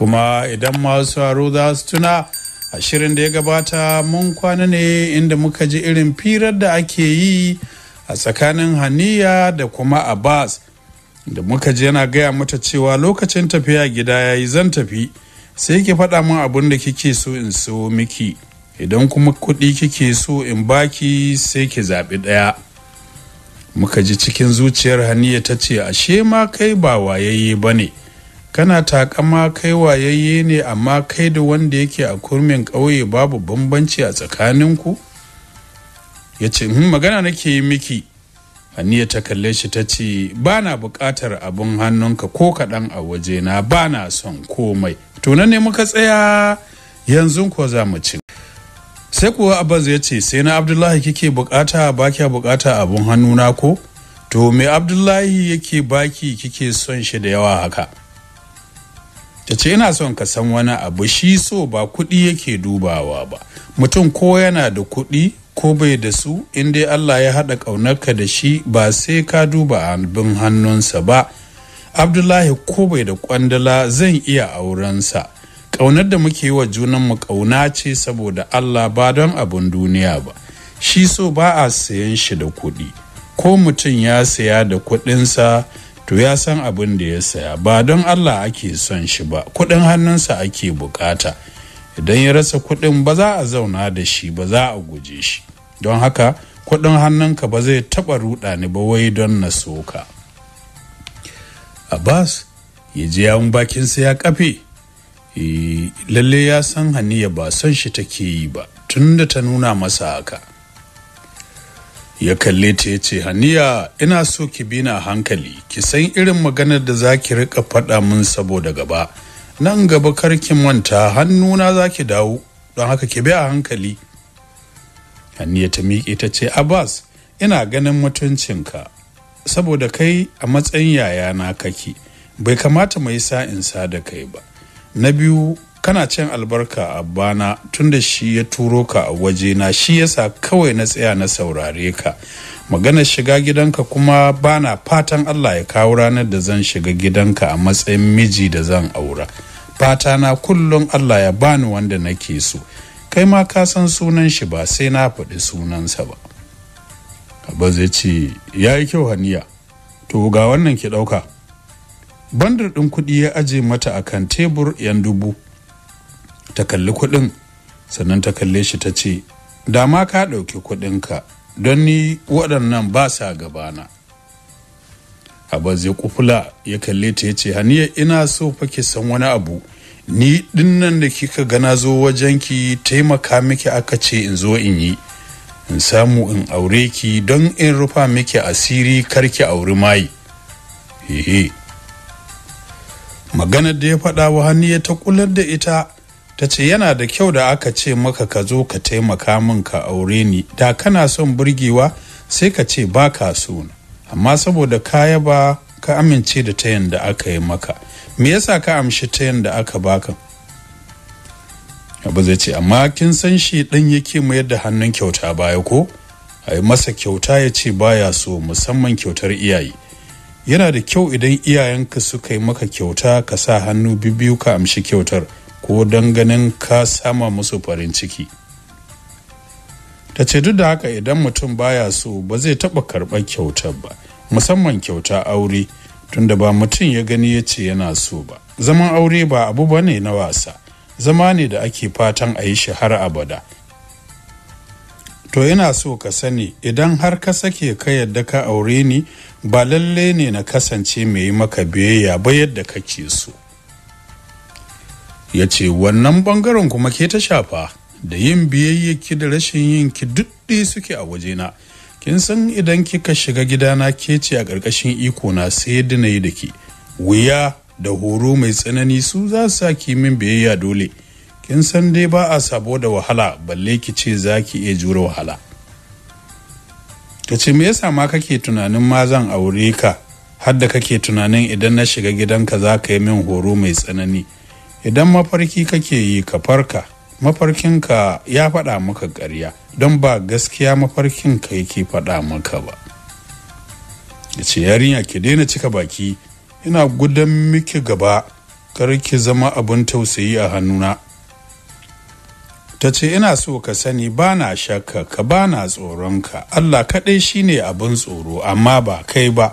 kuma idan masu haro za su tuna ashirin da ya gabata mun kwana ne inda muka ji irin firar da ake yi a tsakanin haniya da kuma abbas da muka ji yana gaya mata cewa lokacin tafiya gida ya yi zan tafi sai ki faɗa min abin da kike so in so miki idan kuma kuɗi kike so in baki sai ki zaɓi ɗaya muka ji cikin zuciyar haniya ta ce ashe ma kai ba wayayye ba ne kana takama kai wayayye ne amma kai da wanda yake a kurmin ƙauye babu bambanci a tsakaninku ya ce hmm, magana nake yi miki haniya ta kalle shi ta ce ba na buƙatar abin hannunka ko kaɗan a wajena ba na son komai tunan ne muka tsaya yanzu ko za mu ci sai kuwa abaz ya ce sai na abdullahi kike bukata ba kya bukata abun hannuna ko to me abdullahi yake baki kike son shi da yawa haka ta ce ina son ka san wani abu shi so ba kuɗi yake dubawa ba mutum ko yana da kuɗi ko bai da su in dai allah ya haɗa ƙaunarka da shi ba sai ka duba abin hannunsa ba abdullahi ko bai da kwandala zan iya aurensa ƙaunar da muke yi wa junanmu ƙauna ce saboda allah ba don abin duniya ba shi so ba a sayan shi da kuɗi ko mutum ya saya da kuɗinsa to ya san abin da ya saya ba don allah ake son shi ba kudin hannunsa ake bukata idan ya rasa kudin ba za a zauna da shi ba za a guje shi don haka kudin hannunka ba zai taba ruda ni ba wai don na soka abbas ya ji yawon bakinsa ya kafe eh, lalle ya san haniya ba son shi take yi ba tunda ta nuna masa haka ya kalle ta ya ce haniya ina so ki bi na hankali ki san irin maganar da za ki rika faɗa min saboda gaba nan gaba karkin manta hannuna za ki dawo don haka ki bi a hankali haniya ta miƙe ta ce abbas ina ganin mutuncinka saboda kai a matsayin yayana kake bai kamata mai sa da kai ba na biyu kana cin albarka a bana tunda shi ya turo ka a waje na shi yasa kawai na tsaya na saurare ka maganar shiga gidanka kuma bana fatan Allah ya kawo ranar da zan shiga gidanka a matsayin miji da zan aura fata na kullum Allah ya bani wanda nake so kai ma ka san sunan shi ba sai na faɗi sunansa ba Abba zai ce ya yi kyau haniya to ga wannan ki ɗauka bandar ɗin kuɗi ya aje mata akan tebur yan dubu ta kalli kuɗin sannan ta kalle shi ta ce da ka ɗauki kuɗinka don ni waɗannan ba sa gabana abbas ya kufula ya kalle ta ya ce haniya ina so fa ki san wani abu ni dinnan da kika gana zo wajen ki taimaka miki aka ce in zo in yi in samu in aure ki don in rufa miki asiri kar ki auri mai maganar da ya faɗa wa haniya ta kular da ita ta ce yana da kyau da aka ce maka ka zo ka taimaka min ka aure ni da kana son burgewa sai ka ce ba ka so amma saboda kaya ba ka amince da ta yanda aka yi maka me yasa ka amshi ta yanda aka baka abu zai ce amma kin san shi ɗan yake mayar da hannun kyauta baya ko a yi masa kyauta ya ce baya so musamman kyautar iyaye yana da kyau idan iyayenka suka yi maka kyauta ka sa hannu bibiyu ka amshi kyautar ko don ganin ka sama musu farin ciki ta ce duk da haka idan mutum baya so ba zai taɓa karɓar kyauta ba musamman kyauta aure tunda ba mutum ya gani ya ce yana so ba zaman aure ba abu ba ne na wasa zama ne da ake fatan a yi shi har abada to yana so ka sani idan har ka sake ka yadda ka aure ni ba lalle ne na kasance mai yi maka biyayya ba yadda kake so ya ce wannan bangaren kuma ke ta shafa da yin biyayyaki da rashin yin ki duddi suke a waje na? kin san idan kika shiga gidana ke ce a ƙarƙashin iko na sai na yi da ki wuya da horo mai tsanani su za su saki min biyayya dole kin san dai ba a sabo da wahala balle ki ce za ki iya jure wahala ta ce me yasa ma kake tunanin ma zan aure ka har da kake tunanin idan na shiga gidanka za ka yi min horo mai tsanani idan mafarki kake yi ka farka Mafarkin ka ya faɗa maka karya, don ba gaskiya mafarkin mafarkinka yake faɗa maka ba ya ce yarinya ki daina cika baki ina gudan miki gaba kar ki zama abin tausayi a hannuna ta ce ina so ka sani ba na shakka ka ba na tsoronka allah kaɗai shine abin tsoro amma ba kai ba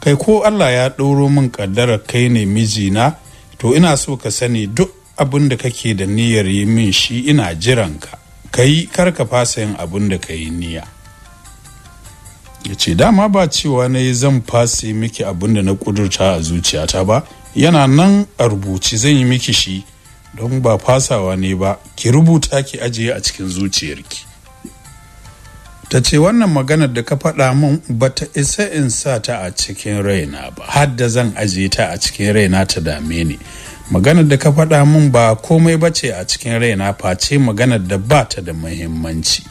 kai ko allah ya ɗoro min ƙaddarar kai ne mijina to ina so ka sani duk abin da kake da niyyar yi min shi ina jiran ka ka yi kar ka fasa yin abin da ka yi niyya ya ce dama ba cewa na yi zan fasa miki abin da na kudurta a zuciyata ba yana nan a rubuci zan yi miki shi don ba fasawa ne ba ki rubuta ki ajiye a cikin zuciyarki ta ce wannan maganar da ka faɗa min ba ta isa in sa ta a cikin raina ba har da zan ajiye ta a cikin raina ta dame ni maganar da ka faɗa mun ba komai ba ce a cikin raina face maganar da ba ta da muhimmanci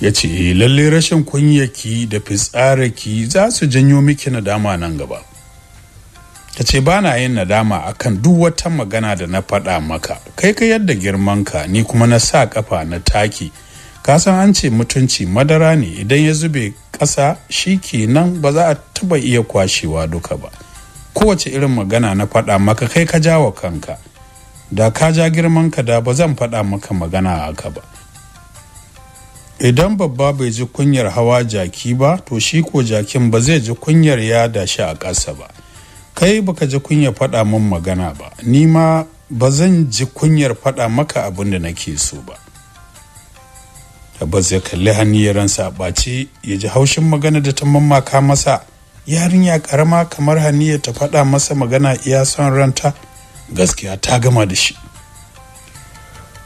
ya ce eh, lalle rashin kunyaki da fitsaraki za su janyo miki nadama nan gaba ta ce ba na yin nadama akan duk wata magana da na faɗa maka kai ka yadda girmanka ni kuma na sa kafa na taki kasan an ce mutunci madara ne idan ya zube ƙasa shi kenan ba za a taba iya kwashewa duka ba kowace irin magana na faɗa maka kai ka jawa kanka da ka ja girman ka da ba zan faɗa maka magana haka ba idan babba bai ji kunyar hawa jaki ba to shi ko jakin ba zai ji kunyar ya da shi a ƙasa ba kai baka ji kunyar faɗa min magana ba ni ma ba zan ji kunyar faɗa maka abin da nake so ba tabbas ya kalli hannu ya ransa a ɓace ya ji haushin magana da ta mamaka masa yarinya karama kamar ya ta faɗa masa magana iya son ranta gaskiya ta gama da shi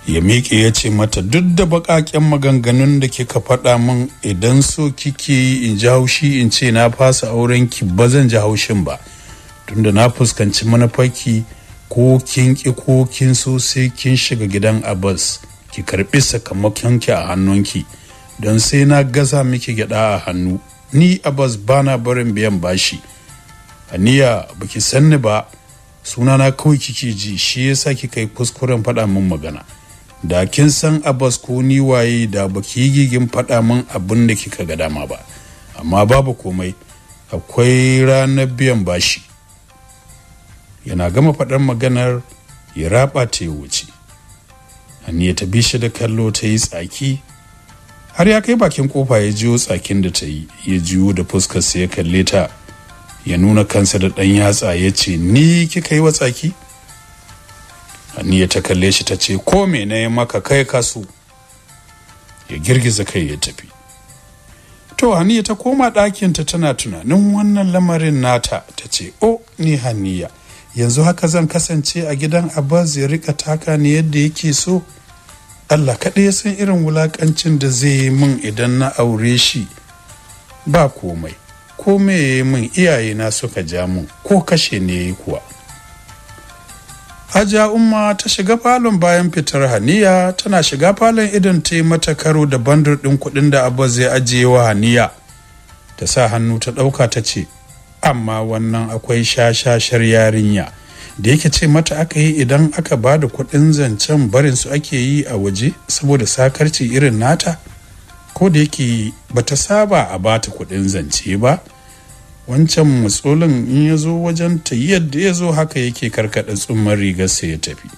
ya miƙe ya ce mata duk da baƙaƙen maganganun da kika faɗa min idan so kike yi in ji haushi in ce na fasa auren ki ba zan ji haushin ba tunda na fuskanci manufarki ko kin ki ko kin so sai kin shiga gidan abbas ki karɓi sakamakon ki a hannun ki don sai na gasa miki gyada a hannu ni abas bana barin biyan bashi aniya baki sanni ba sunana kawai kike ji shi yasa ki kai kuskuren faɗa min magana da kin san abbas ko ni waye da baki yi gigin faɗa min abin da kika ga dama ba amma babu komai akwai ranar biyan bashi yana gama faɗar maganar ya raba ta ya Haniya ta bi shi da kallo ta yi tsaki har ya kai bakin kofa ya jiyo tsakin da ta yi ya jiyo da fuskar sa ya kalle ta ya nuna kansa da ɗan yatsa ya ce ni kika yi wa tsaki Haniya ta kalle shi ta ce ko me na maka kai kasu ya girgiza kai ya tafi to haniya ta koma ɗakinta tana tunanin wannan lamarin nata ta ce o oh, ni haniya yanzu haka zan kasance a gidan abbas ya rika taka ni yadda yake so allah kaɗai ya san irin wulakancin da zai yi min idan na aure shi ba komai komai ya yi min iyayena suka ja min, ko kashe ne ya yi kuwa hajiya umma ta shiga falon bayan fitar haniya tana shiga falon idan ta yi mata karo da bandar ɗin kuɗin da abbas ya ajiye wa haniya ta sa hannu ta ɗauka ta ce amma wannan akwai shashashar yarinya da yake ce mata aka yi idan aka ba da kuɗin zancen barin su ake yi a waje saboda sakarci irin nata ko da yake bata saba a ba ta kuɗin zance ba wancan matsolin in ya zo wajen ta yi yadda ya zo haka yake karkaɗa tsumman rigarsa ya tafi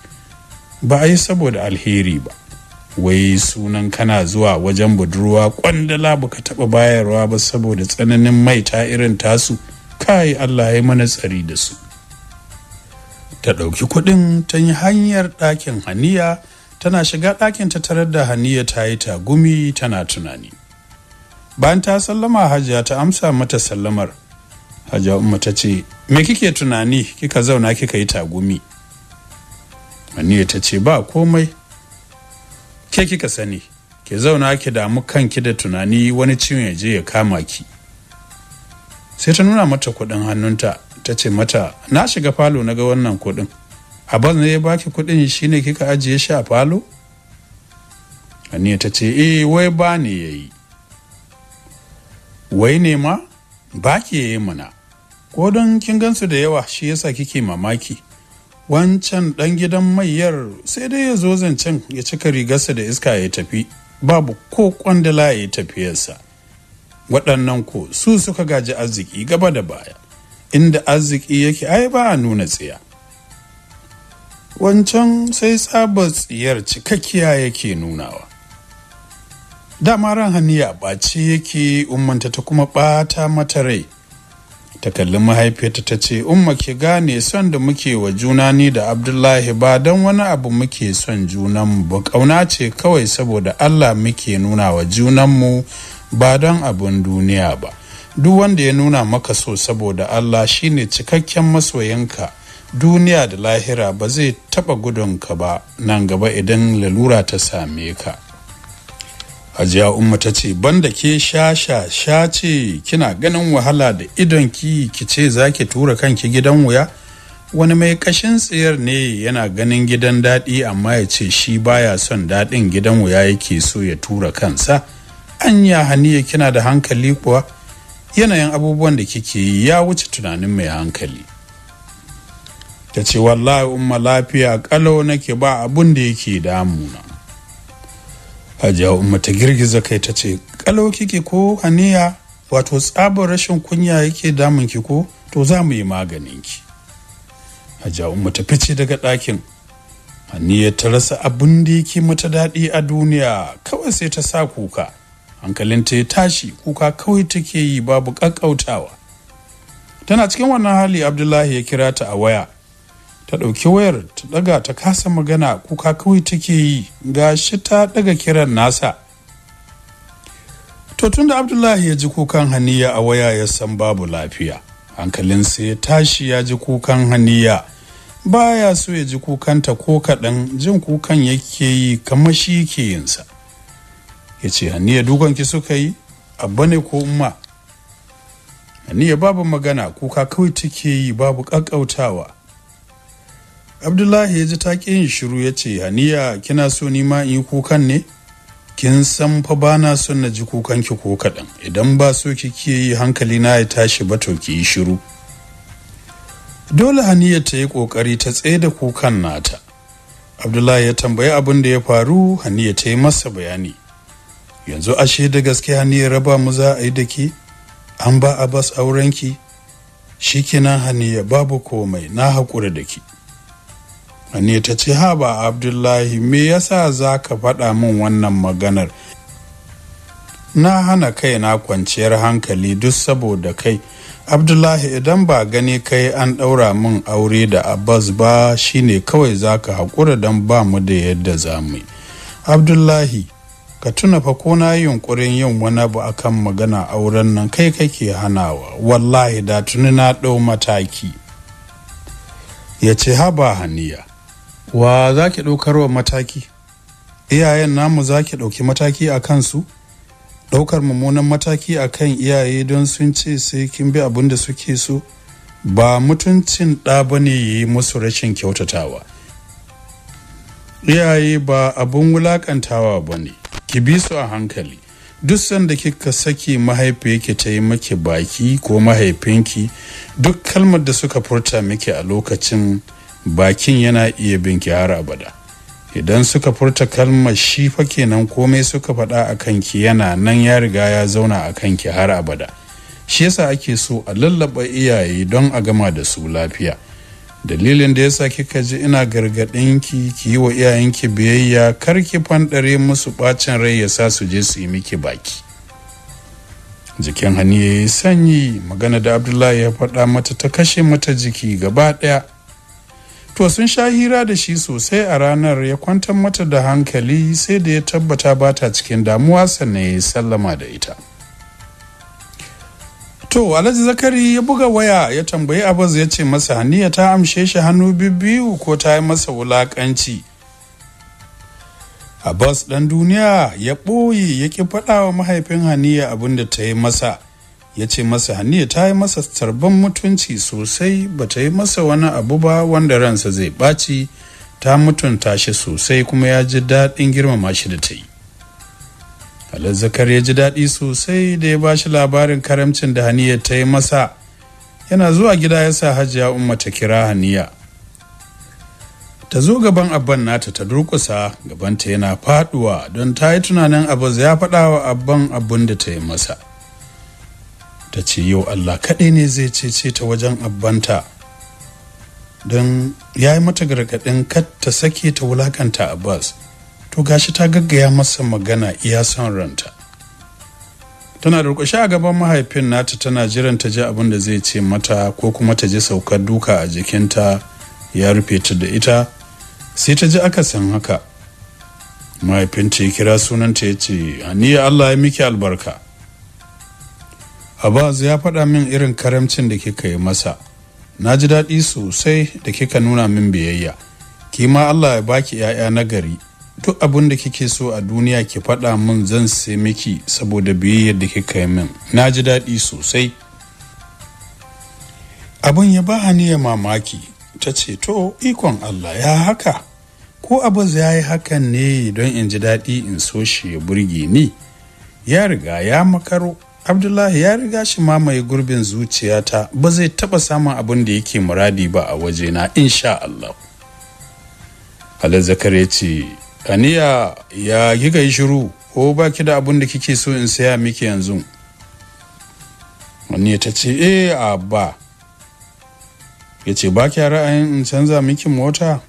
ba a yi saboda alheri ba wai sunan kana zuwa wajen budurwa kwandala baka taɓa bayarwa ba saboda tsananin mai ta irin tasu kai Allah ya mana tsari da su ta ɗauki kuɗin ta yi hanyar ɗakin haniya tana shiga ɗakin ta tarar da haniya ta yi tagumi tana tunani bayan ta sallama hajiya ta amsa mata sallamar hajiya umma ta ce me kike tunani kika zauna kika yi tagumi haniya ta ce ba komai ke kika sani ke zauna ki damu kanki da tunani wani ciwon ya je ya kama ki sai ta nuna mata kuɗin hannunta ta ce mata na shiga falo na ga wannan kuɗin abbas ne ya baki kuɗin shine kika ajiye shi a falo aniya ta ce eh wai ba ne ya yi wai ne ma ba ki yi mana ko don kin gansu da yawa shi yasa kike mamaki wancan dan gidan mayar sai dai ya zo zancen ya cika rigarsa da iska ya tafi babu ko kwandala ya tafiyarsa waɗannan ko su suka gaji arziki gaba da baya inda arziki yake ai ba a nuna tsiya wancan sai tsabar tsiyar cikakkiya yake nunawa dama ran haniya ɓace yake ummanta ta kuma ɓata mata rai ta kalli mahaifiyarta ta ce umma ke gane son da muke wa juna ni da abdullahi ba don wani abu muke son junanmu ba ƙauna ce kawai saboda allah muke nuna wa junanmu ba don abin duniya ba duk wanda ya nuna maka so saboda Allah shine cikakken masoyinka duniya da lahira ba zai taba gudunka ba nan gaba idan lalura ta same ka hajiya umma ta ce banda ke shasha sha ce kina ganin wahala da idon ki ki ce za ki tura kanki gidan wuya wani mai kashin tsayar ne yana ganin gidan daɗi amma ya ce shi baya son daɗin gidan wuya yake so ya tura kansa anya haniya kina da hankali kuwa yanayin abubuwan da kike yi ya wuce tunanin mai hankali ta ce wallahi umma lafiya kalau nake ba abun da yake damuna hajiya umma ta girgiza kai ta ce kalau kike ko haniya wato tsabar rashin kunya yake damun ki ko to za mu yi maganin ki hajiya umma ta fice daga ɗakin haniya ta rasa abun da yake mata daɗi a duniya kawai sai ta sa kuka hankalinta ya tashi kuka kawai take yi babu ƙaƙƙautawa tana cikin wannan hali abdullahi ya kira ta a waya ta ɗauki wayar ta ɗaga ta kasa magana kuka kawai take yi ga shi ta ɗaga kiran nasa to tunda abdullahi ya ji kukan haniya a waya ya san babu lafiya hankalinsa ya tashi ya ji kukan haniya baya so ya ji kukanta ko kaɗan jin kukan yake yi kamar shi ke yinsa ya ce haniya dukanki suka yi abba ne ko umma haniya babu magana kuka kawai take yi babu ƙaƙƙautawa abdullahi ya ji ta yin shiru ya ce haniya kina so ni ma in yi kukan ne kin san fa ba na son na ji kukanki ko kaɗan idan ba so kike yi hankali na ya tashi ba to ki yi shiru dole haniya ta yi ƙoƙari ta tsaye da kukan nata abdullahi ya tambayi abin da ya faru haniya ta yi masa bayani yanzu ashe da gaskiya ne raba mu za a yi da ki an ba a bas aurenki shi kenan haniya babu komai na haƙura da ki haniya ta ce ha ba abdullahi me yasa za ka faɗa min wannan maganar na hana kai na kwanciyar hankali duk saboda kai abdullahi idan ba gani kai an ɗaura min aure da abbas ba shine kawai za ka haƙura don ba mu da yadda za mu yi abdullahi ka tuna fa ko na yi yunkurin yin wani abu akan magana auren nan kai kake hanawa wallahi da tuni na ɗau mataki ya ce haba haniya wa za ki wa mataki iyayen namu za ki ɗauki mataki a kansu ɗaukar mummunan mataki a kan iyaye don sun ce sai kin bi abin da suke so ba mutuncin ɗa ba ne yi musu rashin kyautatawa iyaye ba abin wulaƙantawa ba ne ki bi su a hankali duk sanda kika saki mahaifiyarki ta yi maki baki ko mahaifinki duk kalmar da suka furta miki a lokacin bakin yana iya binki har abada idan suka furta kalmar shi fa kenan komai suka faɗa a kanki yana nan ya riga ya zauna a kanki har abada shi yasa ake so a lallaba iyaye don a gama da su lafiya dalilin da yasa kika ji ina gargaɗin ki ki yi wa iyayenki biyayya kar ki fanɗare musu ɓacin rai ya sa su je su yi miki baki jikin hani ya yi sanyi magana da abdullahi ya faɗa mata ta kashe mata jiki gaba ɗaya to sun sha hira da shi sosai a ranar ya kwantar mata da hankali sai da ya tabbata ba ta cikin damuwa sannan ya yi sallama da ita to alhaji zakari ya buga waya ya tambayi abaz ya ce masa haniya ta amshe shi hannu biyu ko ta yi masa wulakanci abbas dan duniya ya ɓoye ya ƙi faɗa wa mahaifin haniya abin da ta yi masa ya ce masa haniya ta yi masa tarban mutunci sosai ba ta yi masa wani abu ba wanda ransa zai ɓaci ta mutunta shi sosai kuma ya ji daɗin girmama shi da ta yi Zakar ya ji daɗi sosai da ya bashi labarin karamcin da haniya ta yi masa yana zuwa gida ya sa hajiya umma ta kira haniya ta zo gaban abban nata ta durkusa gabanta yana faɗuwa, don ta yi tunanin abu ya faɗa wa abban abun da ta yi masa ta ce yau allah kaɗai ne zai cece ta wajen abbanta don ya yi mata gargaɗin kat ta sake ta wulakanta abbas to gashi ta gaggaya masa magana iya son ranta tana da durƙushe a gaban mahaifin nata tana jiran ta ji abin da zai ce mata ko kuma ta ji saukar duka a jikinta ya rufe ta da ita sai ta ji san haka mahaifinta ya kira sunanta ya ce "Ani, allah ya miki albarka abaz ya faɗa min irin karamcin da kika yi masa na ji daɗi sosai da kika nuna min biyayya kima allah ya baki 'ya'ya na gari duk abin da kike so a duniya ki faɗa min zan sai miki saboda biyayyar da kika yi min na ji daɗi sosai abin ya ba ya mamaki ta ce to ikon allah ya haka ko abu ya yi hakan ne don in ji daɗi in so shi ya burge ni ya riga ya makaro abdullahi ya riga shi mamaye gurbin zuciyata ba zai taɓa samun abin da yake muradi ba a waje wajena insha allah ya ce kaniya ya giga yi shiru ko ba ki da abun da kike so in saya miki yanzu wani ta ce eh a ba ya ce ba kya ra'ayin in canza miki mota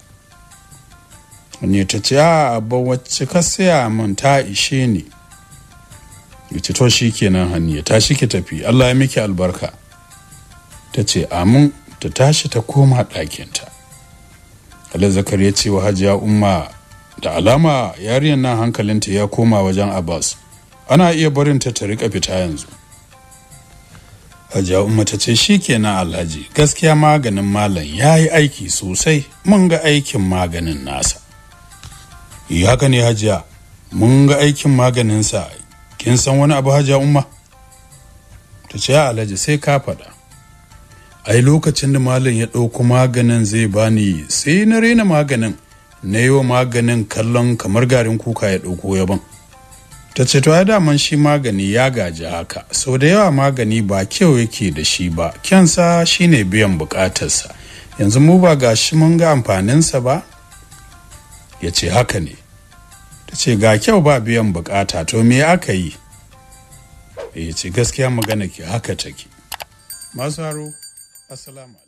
wani ta ce a ah, abba wacce ka saya min ta ishe ni ya ce to shi kenan haniya ta shi ki tafi allah ya miki albarka ta ce amin ta tashi ta koma ɗakinta alai zakar ya ce wa hajiya umma da alama yarinyar nan hankalinta ya koma wajen abbas ana iya barin ta ta rika fita yanzu hajiya umma ta ce shi kenan alhaji gaskiya maganin malam ya yi aiki sosai mun ga aikin maganin nasa yi haka ne hajiya mun ga aikin maganinsa kin san wani abu hajiya umma ta ce alhaji sai ka faɗa ai lokacin da malam ya ɗauko maganin zai bani sai na rena maganin na yi wa maganin kallon kamar garin kuka ya ɗauko yaban ta ce to ya daman shi magani ya gaji haka sau da yawa magani ba kyau yake da shi ba kyansa shine biyan bukatarsa yanzu mu ba ga shi mun ga amfaninsa ba ya ce haka ne ta ce ga kyau ba biyan bukata to me aka yi ya ce gaskiya magana ke haka take masu haro assalamu